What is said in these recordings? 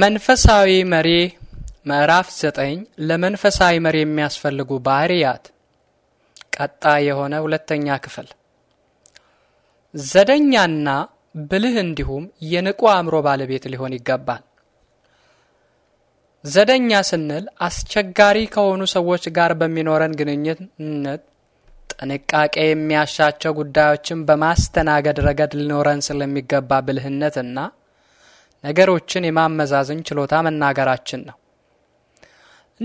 መንፈሳዊ መሪ ምዕራፍ 9 ለመንፈሳዊ መሪ የሚያስፈልጉ ባህሪያት ቀጣይ የሆነ ሁለተኛ ክፍል። ዘደኛና ብልህ እንዲሁም የንቁ አእምሮ ባለቤት ሊሆን ይገባል። ዘደኛ ስንል አስቸጋሪ ከሆኑ ሰዎች ጋር በሚኖረን ግንኙነት ጥንቃቄ የሚያሻቸው ጉዳዮችን በማስተናገድ ረገድ ሊኖረን ስለሚገባ ብልህነትና ነገሮችን የማመዛዘን ችሎታ መናገራችን ነው።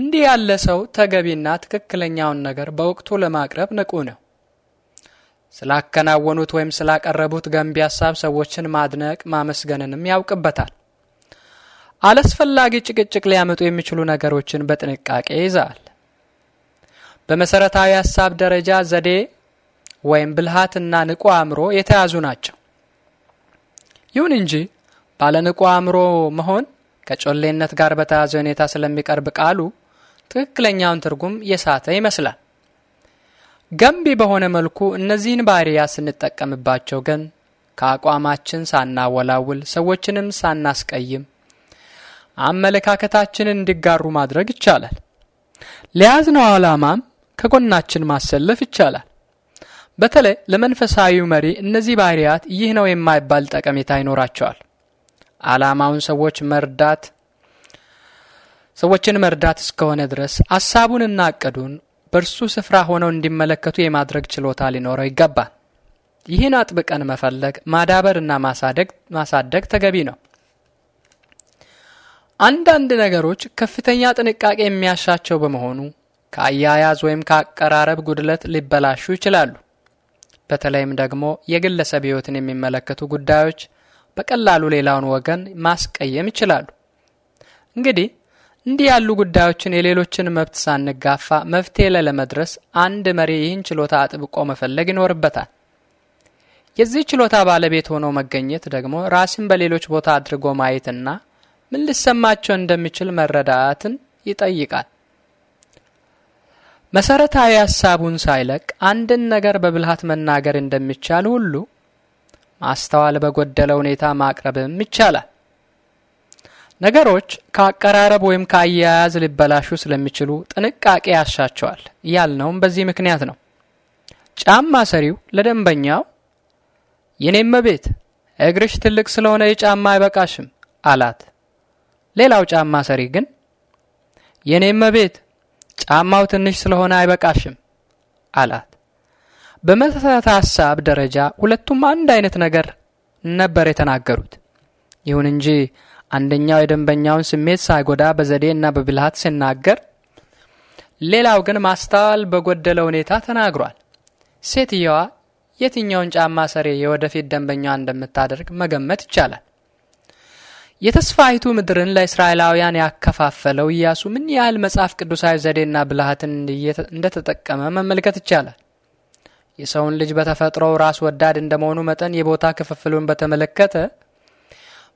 እንዲህ ያለ ሰው ተገቢና ትክክለኛውን ነገር በወቅቱ ለማቅረብ ንቁ ነው። ስላከናወኑት ወይም ስላቀረቡት ገንቢ ሀሳብ ሰዎችን ማድነቅ ማመስገንንም ያውቅበታል። አላስፈላጊ ጭቅጭቅ ሊያመጡ የሚችሉ ነገሮችን በጥንቃቄ ይዛል። በመሰረታዊ ሀሳብ ደረጃ ዘዴ ወይም ብልሃትና ንቁ አእምሮ የተያዙ ናቸው። ይሁን እንጂ ባለንቁ አእምሮ መሆን ከጮሌነት ጋር በተያዘ ሁኔታ ስለሚቀርብ ቃሉ ትክክለኛውን ትርጉም የሳተ ይመስላል። ገንቢ በሆነ መልኩ እነዚህን ባህሪያት ስንጠቀምባቸው ግን ከአቋማችን ሳናወላውል ሰዎችንም ሳናስቀይም አመለካከታችንን እንዲጋሩ ማድረግ ይቻላል። ለያዝነው ዓላማም ከጎናችን ማሰለፍ ይቻላል። በተለይ ለመንፈሳዊው መሪ እነዚህ ባህርያት ይህ ነው የማይባል ጠቀሜታ ይኖራቸዋል። ዓላማውን ሰዎች መርዳት ሰዎችን መርዳት እስከሆነ ድረስ ሐሳቡንና እቅዱን በእርሱ ስፍራ ሆነው እንዲመለከቱ የማድረግ ችሎታ ሊኖረው ይገባል። ይህን አጥብቀን መፈለግ ማዳበርና ማሳደግ ተገቢ ነው። አንዳንድ ነገሮች ከፍተኛ ጥንቃቄ የሚያሻቸው በመሆኑ ከአያያዝ ወይም ከአቀራረብ ጉድለት ሊበላሹ ይችላሉ። በተለይም ደግሞ የግለሰብ ሕይወትን የሚመለከቱ ጉዳዮች በቀላሉ ሌላውን ወገን ማስቀየም ይችላሉ። እንግዲህ እንዲህ ያሉ ጉዳዮችን የሌሎችን መብት ሳንጋፋ መፍትሄ ላይ ለመድረስ አንድ መሪ ይህን ችሎታ አጥብቆ መፈለግ ይኖርበታል። የዚህ ችሎታ ባለቤት ሆኖ መገኘት ደግሞ ራስን በሌሎች ቦታ አድርጎ ማየትና ምን ሊሰማቸው እንደሚችል መረዳትን ይጠይቃል። መሰረታዊ ሀሳቡን ሳይለቅ አንድን ነገር በብልሃት መናገር እንደሚቻል ሁሉ ማስተዋል በጎደለ ሁኔታ ማቅረብም ይቻላል። ነገሮች ከአቀራረብ ወይም ከአያያዝ ሊበላሹ ስለሚችሉ ጥንቃቄ ያሻቸዋል ያልነውም በዚህ ምክንያት ነው። ጫማ ሰሪው ለደንበኛው የኔም ቤት እግርሽ ትልቅ ስለሆነ የጫማ አይበቃሽም አላት። ሌላው ጫማ ሰሪ ግን የኔም ቤት ጫማው ትንሽ ስለሆነ አይበቃሽም አላት። በመሰረተ ሐሳብ ደረጃ ሁለቱም አንድ አይነት ነገር ነበር የተናገሩት። ይሁን እንጂ አንደኛው የደንበኛውን ስሜት ሳይጎዳ በዘዴና በብልሃት ሲናገር፣ ሌላው ግን ማስተዋል በጎደለ ሁኔታ ተናግሯል። ሴትየዋ የትኛውን ጫማ ሰሪ የወደፊት ደንበኛዋ እንደምታደርግ መገመት ይቻላል። የተስፋይቱ ምድርን ለእስራኤላውያን ያከፋፈለው ኢያሱ ምን ያህል መጽሐፍ ቅዱሳዊ ዘዴና ብልሃትን እንደተጠቀመ መመልከት ይቻላል። የሰውን ልጅ በተፈጥሮው ራስ ወዳድ እንደመሆኑ መጠን የቦታ ክፍፍሉን በተመለከተ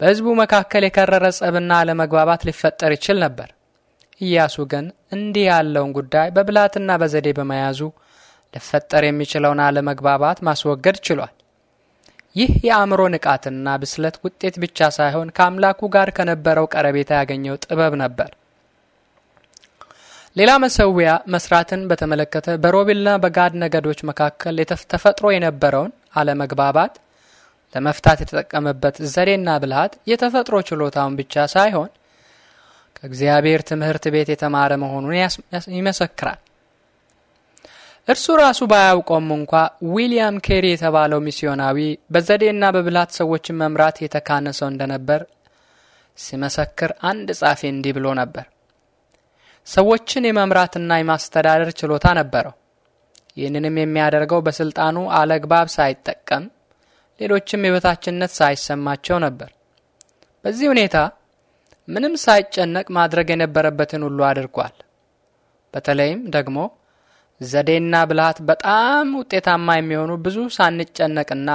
በሕዝቡ መካከል የከረረ ጸብና አለመግባባት ሊፈጠር ይችል ነበር። ኢያሱ ግን እንዲህ ያለውን ጉዳይ በብልሃትና በዘዴ በመያዙ ሊፈጠር የሚችለውን አለመግባባት ማስወገድ ችሏል። ይህ የአእምሮ ንቃትና ብስለት ውጤት ብቻ ሳይሆን ከአምላኩ ጋር ከነበረው ቀረቤታ ያገኘው ጥበብ ነበር። ሌላ መሰዊያ መስራትን በተመለከተ በሮቤልና በጋድ ነገዶች መካከል ተፈጥሮ የነበረውን አለመግባባት ለመፍታት የተጠቀመበት ዘዴና ብልሃት የተፈጥሮ ችሎታውን ብቻ ሳይሆን ከእግዚአብሔር ትምህርት ቤት የተማረ መሆኑን ይመሰክራል። እርሱ ራሱ ባያውቀውም እንኳ ዊሊያም ኬሪ የተባለው ሚስዮናዊ በዘዴና በብልሃት ሰዎችን መምራት የተካነ ሰው እንደነበር ሲመሰክር አንድ ጻፊ እንዲህ ብሎ ነበር። ሰዎችን የመምራትና የማስተዳደር ችሎታ ነበረው። ይህንንም የሚያደርገው በስልጣኑ አለግባብ ሳይጠቀም፣ ሌሎችም የበታችነት ሳይሰማቸው ነበር። በዚህ ሁኔታ ምንም ሳይጨነቅ ማድረግ የነበረበትን ሁሉ አድርጓል። በተለይም ደግሞ ዘዴና ብልሃት በጣም ውጤታማ የሚሆኑ ብዙ ሳንጨነቅና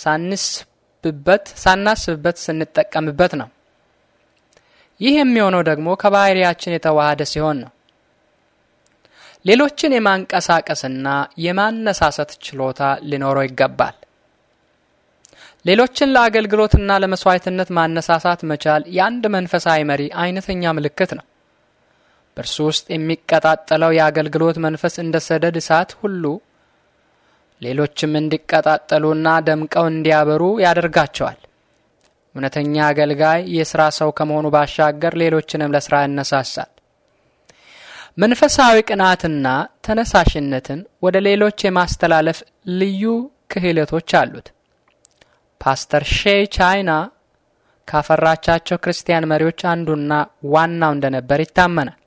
ሳናስብበት ስንጠቀምበት ነው። ይህ የሚሆነው ደግሞ ከባህሪያችን የተዋሃደ ሲሆን ነው። ሌሎችን የማንቀሳቀስና የማነሳሰት ችሎታ ሊኖረው ይገባል። ሌሎችን ለአገልግሎትና ለመስዋዕትነት ማነሳሳት መቻል የአንድ መንፈሳዊ መሪ አይነተኛ ምልክት ነው። በእርሱ ውስጥ የሚቀጣጠለው የአገልግሎት መንፈስ እንደ ሰደድ እሳት ሁሉ ሌሎችም እንዲቀጣጠሉና ደምቀው እንዲያበሩ ያደርጋቸዋል። እውነተኛ አገልጋይ የሥራ ሰው ከመሆኑ ባሻገር ሌሎችንም ለሥራ ያነሳሳል። መንፈሳዊ ቅናትና ተነሳሽነትን ወደ ሌሎች የማስተላለፍ ልዩ ክህለቶች አሉት። ፓስተር ሼይ ቻይና ካፈራቻቸው ክርስቲያን መሪዎች አንዱና ዋናው እንደነበር ይታመናል።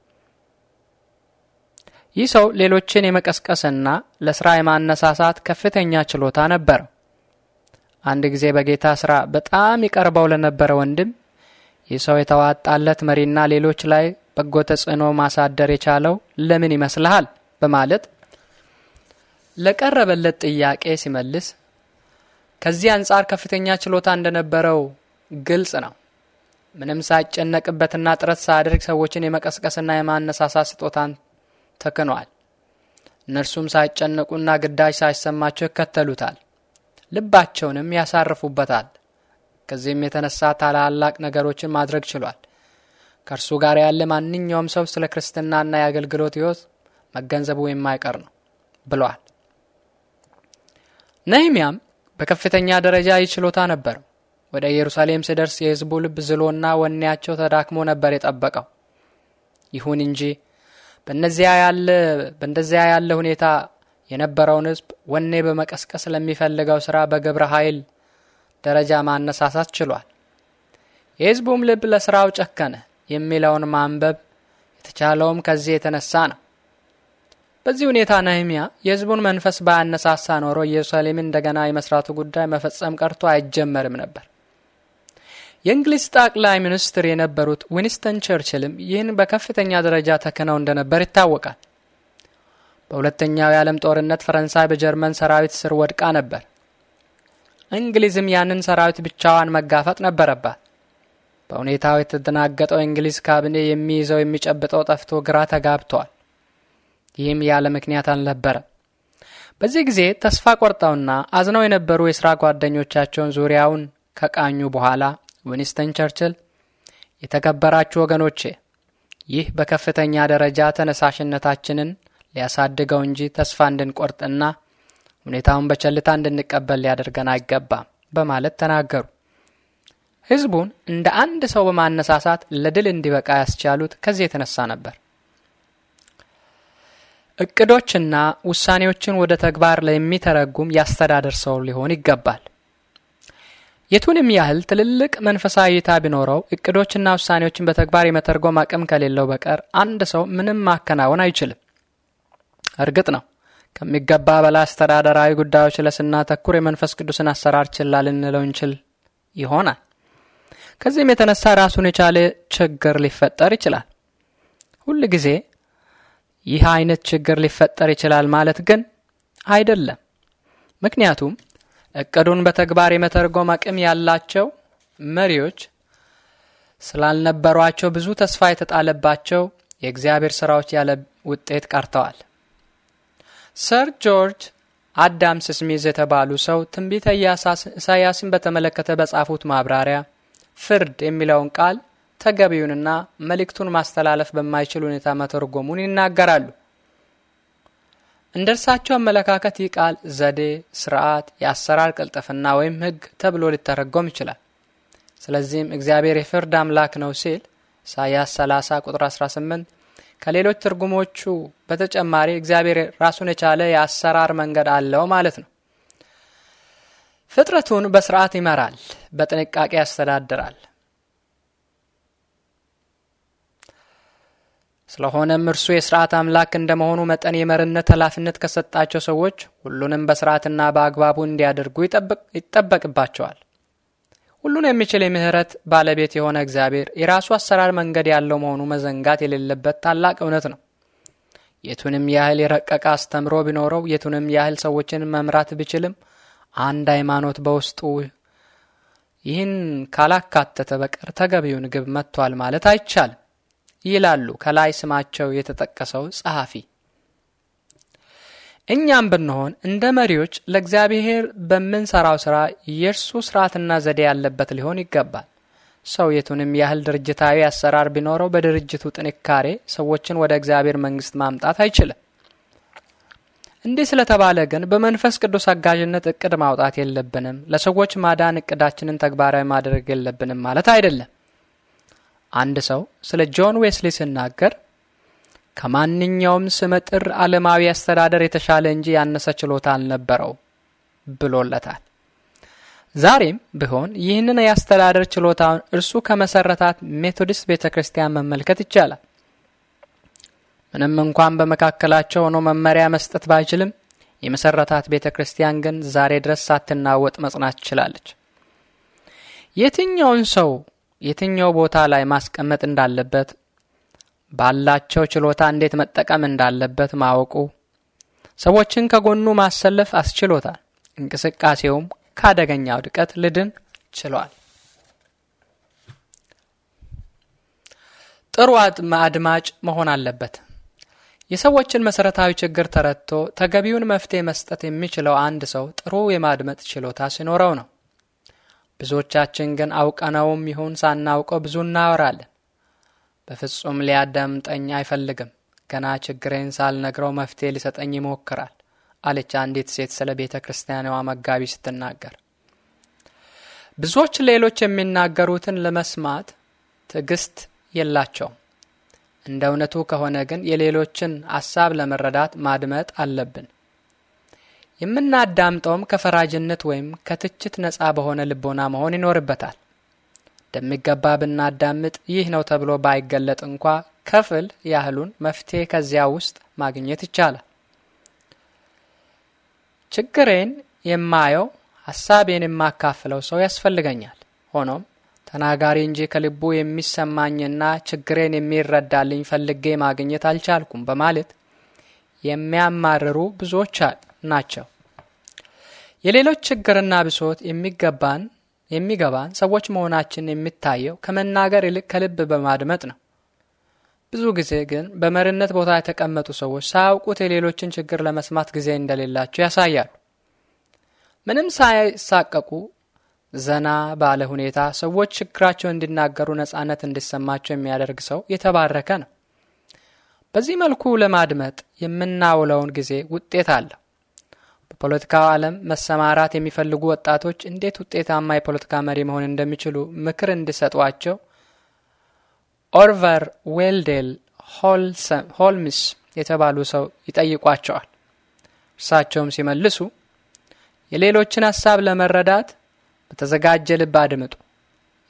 ይህ ሰው ሌሎችን የመቀስቀስና ለሥራ የማነሳሳት ከፍተኛ ችሎታ ነበረው። አንድ ጊዜ በጌታ ስራ በጣም ይቀርበው ለነበረ ወንድም ይህ ሰው የተዋጣለት መሪና ሌሎች ላይ በጎ ተጽዕኖ ማሳደር የቻለው ለምን ይመስልሃል? በማለት ለቀረበለት ጥያቄ ሲመልስ ከዚህ አንጻር ከፍተኛ ችሎታ እንደነበረው ግልጽ ነው። ምንም ሳይጨነቅበትና ጥረት ሳያደርግ ሰዎችን የመቀስቀስና የማነሳሳት ስጦታን ተክኗል። እነርሱም ሳይጨነቁና ግዳጅ ሳይሰማቸው ይከተሉታል። ልባቸውንም ያሳርፉበታል። ከዚህም የተነሳ ታላላቅ ነገሮችን ማድረግ ችሏል። ከእርሱ ጋር ያለ ማንኛውም ሰው ስለ ክርስትናና የአገልግሎት ሕይወት መገንዘቡ የማይቀር ነው ብሏል። ነህምያም በከፍተኛ ደረጃ ይችሎታ ነበር። ወደ ኢየሩሳሌም ሲደርስ የሕዝቡ ልብ ዝሎና ወኔያቸው ተዳክሞ ነበር የጠበቀው። ይሁን እንጂ በእንደዚያ ያለ ሁኔታ የነበረውን ህዝብ ወኔ በመቀስቀስ ለሚፈልገው ሥራ በግብረ ኃይል ደረጃ ማነሳሳት ችሏል። የህዝቡም ልብ ለሥራው ጨከነ የሚለውን ማንበብ የተቻለውም ከዚህ የተነሳ ነው። በዚህ ሁኔታ ነህምያ የህዝቡን መንፈስ ባያነሳሳ ኖሮ ኢየሩሳሌምን እንደገና የመስራቱ ጉዳይ መፈጸም ቀርቶ አይጀመርም ነበር። የእንግሊዝ ጠቅላይ ሚኒስትር የነበሩት ዊንስተን ቸርችልም ይህን በከፍተኛ ደረጃ ተክነው እንደነበር ይታወቃል። በሁለተኛው የዓለም ጦርነት ፈረንሳይ በጀርመን ሰራዊት ስር ወድቃ ነበር። እንግሊዝም ያንን ሰራዊት ብቻዋን መጋፈጥ ነበረባት። በሁኔታው የተደናገጠው እንግሊዝ ካቢኔ የሚይዘው የሚጨብጠው ጠፍቶ ግራ ተጋብቷል። ይህም ያለ ምክንያት አልነበረም። በዚህ ጊዜ ተስፋ ቆርጠውና አዝነው የነበሩ የሥራ ጓደኞቻቸውን ዙሪያውን ከቃኙ በኋላ ዊንስተን ቸርችል የተከበራችሁ ወገኖቼ፣ ይህ በከፍተኛ ደረጃ ተነሳሽነታችንን ሊያሳድገው እንጂ ተስፋ እንድንቆርጥና ሁኔታውን በቸልታ እንድንቀበል ሊያደርገን አይገባም በማለት ተናገሩ። ህዝቡን እንደ አንድ ሰው በማነሳሳት ለድል እንዲበቃ ያስቻሉት ከዚህ የተነሳ ነበር። እቅዶችና ውሳኔዎችን ወደ ተግባር ለሚተረጉም ያስተዳደር ሰው ሊሆን ይገባል። የቱንም ያህል ትልልቅ መንፈሳዊ እይታ ቢኖረው እቅዶችና ውሳኔዎችን በተግባር የመተርጎም አቅም ከሌለው በቀር አንድ ሰው ምንም ማከናወን አይችልም። እርግጥ ነው ከሚገባ በላይ አስተዳደራዊ ጉዳዮች ላይ የመንፈስ ቅዱስን አሰራር ችላ ልንለው እንችል ይሆናል። ከዚህም የተነሳ ራሱን የቻለ ችግር ሊፈጠር ይችላል። ሁል ጊዜ ይህ አይነት ችግር ሊፈጠር ይችላል ማለት ግን አይደለም። ምክንያቱም እቅዱን በተግባር የመተርጎም አቅም ያላቸው መሪዎች ስላልነበሯቸው ብዙ ተስፋ የተጣለባቸው የእግዚአብሔር ስራዎች ያለ ውጤት ቀርተዋል። ሰር ጆርጅ አዳምስ ስሚዝ የተባሉ ሰው ትንቢተ ኢሳያስን በተመለከተ በጻፉት ማብራሪያ ፍርድ የሚለውን ቃል ተገቢውንና መልእክቱን ማስተላለፍ በማይችል ሁኔታ መተርጎሙን ይናገራሉ። እንደ እርሳቸው አመለካከት ይህ ቃል ዘዴ፣ ስርዓት፣ የአሰራር ቅልጥፍና ወይም ህግ ተብሎ ሊተረጎም ይችላል። ስለዚህም እግዚአብሔር የፍርድ አምላክ ነው ሲል ኢሳያስ 30 ቁጥር 18 ከሌሎች ትርጉሞቹ በተጨማሪ እግዚአብሔር ራሱን የቻለ የአሰራር መንገድ አለው ማለት ነው። ፍጥረቱን በስርዓት ይመራል፣ በጥንቃቄ ያስተዳድራል። ስለሆነም እርሱ የስርዓት አምላክ እንደመሆኑ መጠን የመርነት ኃላፊነት ከሰጣቸው ሰዎች ሁሉንም በስርዓትና በአግባቡ እንዲያደርጉ ይጠበቅባቸዋል። ሁሉን የሚችል የምህረት ባለቤት የሆነ እግዚአብሔር የራሱ አሰራር መንገድ ያለው መሆኑ መዘንጋት የሌለበት ታላቅ እውነት ነው። የቱንም ያህል የረቀቀ አስተምሮ ቢኖረው፣ የቱንም ያህል ሰዎችን መምራት ቢችልም አንድ ሃይማኖት በውስጡ ይህን ካላካተተ በቀር ተገቢውን ግብ መጥቷል ማለት አይቻልም ይላሉ ከላይ ስማቸው የተጠቀሰው ጸሐፊ። እኛም ብንሆን እንደ መሪዎች ለእግዚአብሔር በምንሰራው ሥራ የእርሱ ስርዓትና ዘዴ ያለበት ሊሆን ይገባል። ሰው የቱንም ያህል ድርጅታዊ አሰራር ቢኖረው በድርጅቱ ጥንካሬ ሰዎችን ወደ እግዚአብሔር መንግስት ማምጣት አይችልም። እንዲህ ስለተባለ ግን በመንፈስ ቅዱስ አጋዥነት እቅድ ማውጣት የለብንም። ለሰዎች ማዳን እቅዳችንን ተግባራዊ ማድረግ የለብንም ማለት አይደለም። አንድ ሰው ስለ ጆን ዌስሊ ሲናገር ከማንኛውም ስመጥር ዓለማዊ አስተዳደር የተሻለ እንጂ ያነሰ ችሎታ አልነበረው ብሎለታል። ዛሬም ቢሆን ይህንን የአስተዳደር ችሎታውን እርሱ ከመሰረታት ሜቶዲስት ቤተ ክርስቲያን መመልከት ይቻላል። ምንም እንኳን በመካከላቸው ሆኖ መመሪያ መስጠት ባይችልም የመሰረታት ቤተ ክርስቲያን ግን ዛሬ ድረስ ሳትናወጥ መጽናት ትችላለች። የትኛውን ሰው የትኛው ቦታ ላይ ማስቀመጥ እንዳለበት ባላቸው ችሎታ እንዴት መጠቀም እንዳለበት ማወቁ ሰዎችን ከጎኑ ማሰለፍ አስችሎታል። እንቅስቃሴውም ከአደገኛ ውድቀት ልድን ችሏል። ጥሩ አድማጭ መሆን አለበት። የሰዎችን መሰረታዊ ችግር ተረድቶ ተገቢውን መፍትሄ መስጠት የሚችለው አንድ ሰው ጥሩ የማድመጥ ችሎታ ሲኖረው ነው። ብዙዎቻችን ግን አውቀነውም ይሁን ሳናውቀው ብዙ እናወራለን። በፍጹም ሊያዳምጠኝ አይፈልግም። ገና ችግሬን ሳልነግረው መፍትሄ ሊሰጠኝ ይሞክራል አለች አንዲት ሴት ስለ ቤተ ክርስቲያኗ መጋቢ ስትናገር። ብዙዎች ሌሎች የሚናገሩትን ለመስማት ትዕግስት የላቸውም። እንደ እውነቱ ከሆነ ግን የሌሎችን ሐሳብ ለመረዳት ማድመጥ አለብን። የምናዳምጠውም ከፈራጅነት ወይም ከትችት ነፃ በሆነ ልቦና መሆን ይኖርበታል። እንደሚገባ ብናዳምጥ ይህ ነው ተብሎ ባይገለጥ እንኳ ከፍል ያህሉን መፍትሄ ከዚያ ውስጥ ማግኘት ይቻላል። ችግሬን የማየው ሀሳቤን የማካፍለው ሰው ያስፈልገኛል። ሆኖም ተናጋሪ እንጂ ከልቡ የሚሰማኝና ችግሬን የሚረዳልኝ ፈልጌ ማግኘት አልቻልኩም በማለት የሚያማርሩ ብዙዎች ናቸው። የሌሎች ችግርና ብሶት የሚገባን የሚገባን ሰዎች መሆናችን የሚታየው ከመናገር ይልቅ ከልብ በማድመጥ ነው። ብዙ ጊዜ ግን በመሪነት ቦታ የተቀመጡ ሰዎች ሳያውቁት የሌሎችን ችግር ለመስማት ጊዜ እንደሌላቸው ያሳያሉ። ምንም ሳይሳቀቁ ዘና ባለ ሁኔታ ሰዎች ችግራቸው እንዲናገሩ ነጻነት እንዲሰማቸው የሚያደርግ ሰው የተባረከ ነው። በዚህ መልኩ ለማድመጥ የምናውለውን ጊዜ ውጤት አለው። በፖለቲካው ዓለም መሰማራት የሚፈልጉ ወጣቶች እንዴት ውጤታማ የፖለቲካ መሪ መሆን እንደሚችሉ ምክር እንዲሰጧቸው ኦርቨር ዌልዴል ሆልምስ የተባሉ ሰው ይጠይቋቸዋል። እርሳቸውም ሲመልሱ የሌሎችን ሀሳብ ለመረዳት በተዘጋጀ ልብ አድምጡ።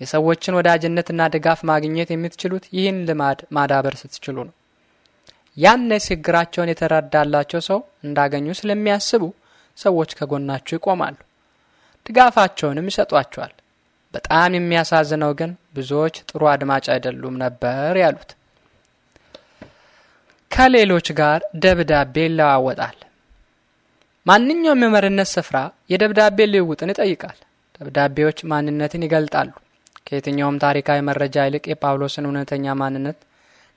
የሰዎችን ወዳጅነትና ድጋፍ ማግኘት የምትችሉት ይህን ልማድ ማዳበር ስትችሉ ነው። ያኔ ችግራቸውን የተረዳላቸው ሰው እንዳገኙ ስለሚያስቡ ሰዎች ከጎናችሁ ይቆማሉ፣ ድጋፋቸውንም ይሰጧቸዋል። በጣም የሚያሳዝነው ግን ብዙዎች ጥሩ አድማጭ አይደሉም ነበር ያሉት። ከሌሎች ጋር ደብዳቤ ይለዋወጣል። ማንኛውም የመሪነት ስፍራ የደብዳቤ ልውውጥን ይጠይቃል። ደብዳቤዎች ማንነትን ይገልጣሉ። ከየትኛውም ታሪካዊ መረጃ ይልቅ የጳውሎስን እውነተኛ ማንነት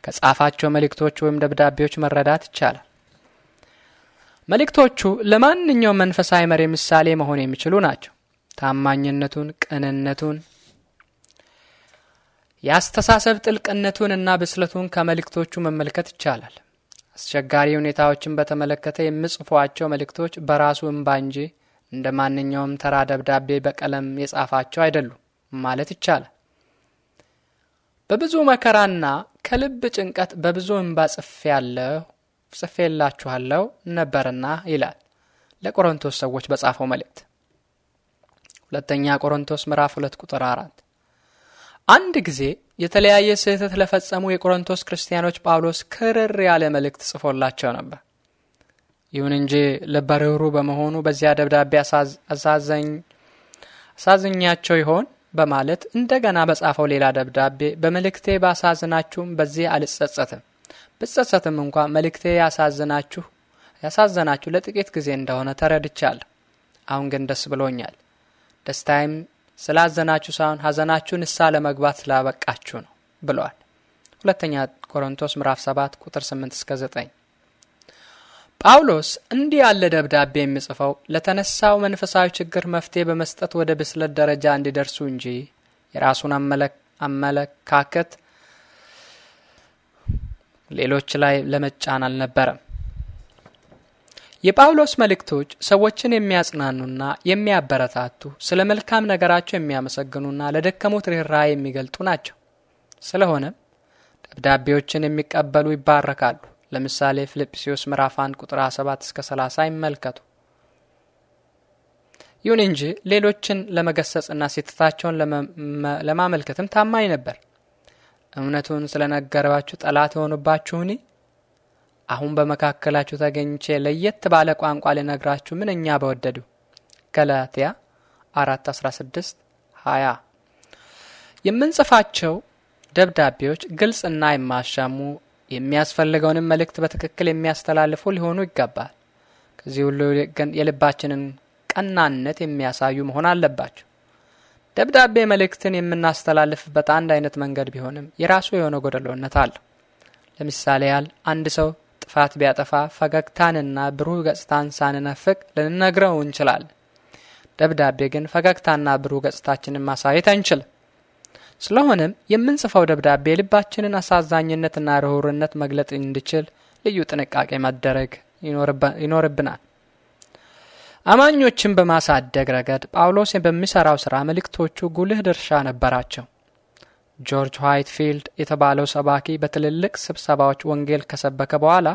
ከጻፋቸው መልእክቶች ወይም ደብዳቤዎች መረዳት ይቻላል። መልእክቶቹ ለማንኛውም መንፈሳዊ መሪ ምሳሌ መሆን የሚችሉ ናቸው። ታማኝነቱን፣ ቅንነቱን፣ የአስተሳሰብ ጥልቅነቱን እና ብስለቱን ከመልእክቶቹ መመልከት ይቻላል። አስቸጋሪ ሁኔታዎችን በተመለከተ የምጽፏቸው መልእክቶች በራሱ እምባ እንጂ እንደ ማንኛውም ተራ ደብዳቤ በቀለም የጻፋቸው አይደሉም ማለት ይቻላል። በብዙ መከራና ከልብ ጭንቀት በብዙ እምባ ጽፌ ያለሁ ጽፌላችኋለሁ ነበርና ይላል ለቆሮንቶስ ሰዎች በጻፈው መልእክት ሁለተኛ ቆሮንቶስ ምዕራፍ 2 ቁጥር 4። አንድ ጊዜ የተለያየ ስህተት ለፈጸሙ የቆሮንቶስ ክርስቲያኖች ጳውሎስ ክርር ያለ መልእክት ጽፎላቸው ነበር። ይሁን እንጂ ልበ በመሆኑ በዚያ ደብዳቤ አሳዝኛቸው ይሆን በማለት እንደገና በጻፈው ሌላ ደብዳቤ በመልእክቴ ባሳዝናችሁም በዚህ አልጸጸትም ብጸጸትም እንኳ መልእክቴ ያሳዘናችሁ ያሳዘናችሁ ለጥቂት ጊዜ እንደሆነ ተረድቻለሁ። አሁን ግን ደስ ብሎኛል። ደስታይም ስላዘናችሁ ሳይሆን ሐዘናችሁን እሳ ለመግባት ስላበቃችሁ ነው ብለዋል። ሁለተኛ ቆሮንቶስ ምዕራፍ 7 ቁጥር 8 እስከ 9። ጳውሎስ እንዲህ ያለ ደብዳቤ የሚጽፈው ለተነሳው መንፈሳዊ ችግር መፍትሄ በመስጠት ወደ ብስለት ደረጃ እንዲደርሱ እንጂ የራሱን አመለካከት ሌሎች ላይ ለመጫን አልነበረም። የጳውሎስ መልእክቶች ሰዎችን የሚያጽናኑና የሚያበረታቱ፣ ስለ መልካም ነገራቸው የሚያመሰግኑና ለደከሙት ርኅራኄ የሚገልጡ ናቸው። ስለሆነም ደብዳቤዎችን የሚቀበሉ ይባረካሉ። ለምሳሌ ፊልጵስዩስ ምዕራፍ 1 ቁጥር 7 እስከ 30 ይመልከቱ። ይሁን እንጂ ሌሎችን ለመገሰጽና ስህተታቸውን ለማመልከትም ታማኝ ነበር። እምነቱን ስለ ነገርባችሁ ጠላት የሆኑባችሁን አሁን በመካከላችሁ ተገኝቼ ለየት ባለ ቋንቋ ልነግራችሁ ምንኛ በወደዱ። ገላትያ 4 16 20 የምንጽፋቸው ደብዳቤዎች ግልጽና የማያሻሙ የሚያስፈልገውንም መልእክት በትክክል የሚያስተላልፉ ሊሆኑ ይገባል። ከዚህ ሁሉ ግን የልባችንን ቀናነት የሚያሳዩ መሆን አለባቸው። ደብዳቤ መልእክትን የምናስተላልፍበት አንድ አይነት መንገድ ቢሆንም የራሱ የሆነ ጎደሎነት አለው። ለምሳሌ ያህል አንድ ሰው ጥፋት ቢያጠፋ ፈገግታንና ብሩህ ገጽታን ሳንነፍቅ ልንነግረው እንችላለን። ደብዳቤ ግን ፈገግታና ብሩህ ገጽታችንን ማሳየት አንችልም። ስለሆነም የምንጽፈው ደብዳቤ ልባችንን አሳዛኝነትና ርኅሩህነት መግለጥ እንዲችል ልዩ ጥንቃቄ መደረግ ይኖርብናል። አማኞችን በማሳደግ ረገድ ጳውሎስ በሚሠራው ሥራ መልእክቶቹ ጉልህ ድርሻ ነበራቸው። ጆርጅ ዋይትፊልድ የተባለው ሰባኪ በትልልቅ ስብሰባዎች ወንጌል ከሰበከ በኋላ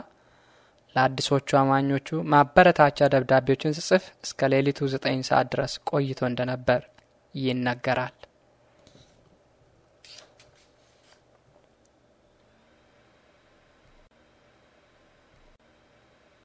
ለአዲሶቹ አማኞቹ ማበረታቻ ደብዳቤዎችን ስጽፍ እስከ ሌሊቱ ዘጠኝ ሰዓት ድረስ ቆይቶ እንደነበር ይነገራል።